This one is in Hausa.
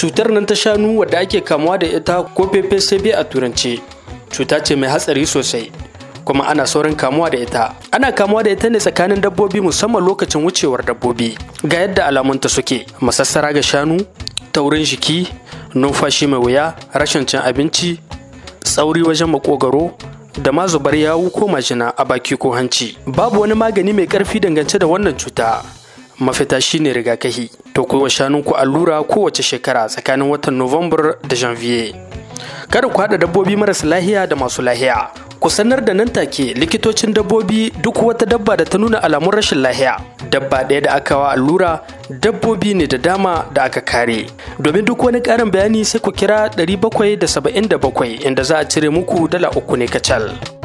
cutar nan ta shanu wadda ake kamuwa da ita ko ppcb a turance cuta ce mai hatsari sosai kuma ana saurin kamuwa da ita ana kamuwa da ita ne tsakanin dabbobi musamman lokacin wucewar dabbobi ga yadda alamunta suke masassara ga shanu taurin jiki numfashi mai wuya rashin cin abinci tsauri wajen makogaro da ma zubar yawu ko majina a baki ko hanci babu wani magani mai karfi dangance da wannan cuta mafita shine rigakafi to ku allura kowace shekara tsakanin watan Nuwambar da Janvier. Kada ku haɗa dabbobi marasa lahiya da masu lahiya. Ku sanar da nan take likitocin dabbobi duk wata dabba da ta nuna alamun rashin lahiya. Dabba ɗaya da aka wa allura dabbobi ne da dama da aka kare. Domin duk wani ƙarin bayani sai ku kira 777 inda za a cire muku dala uku ne kacal.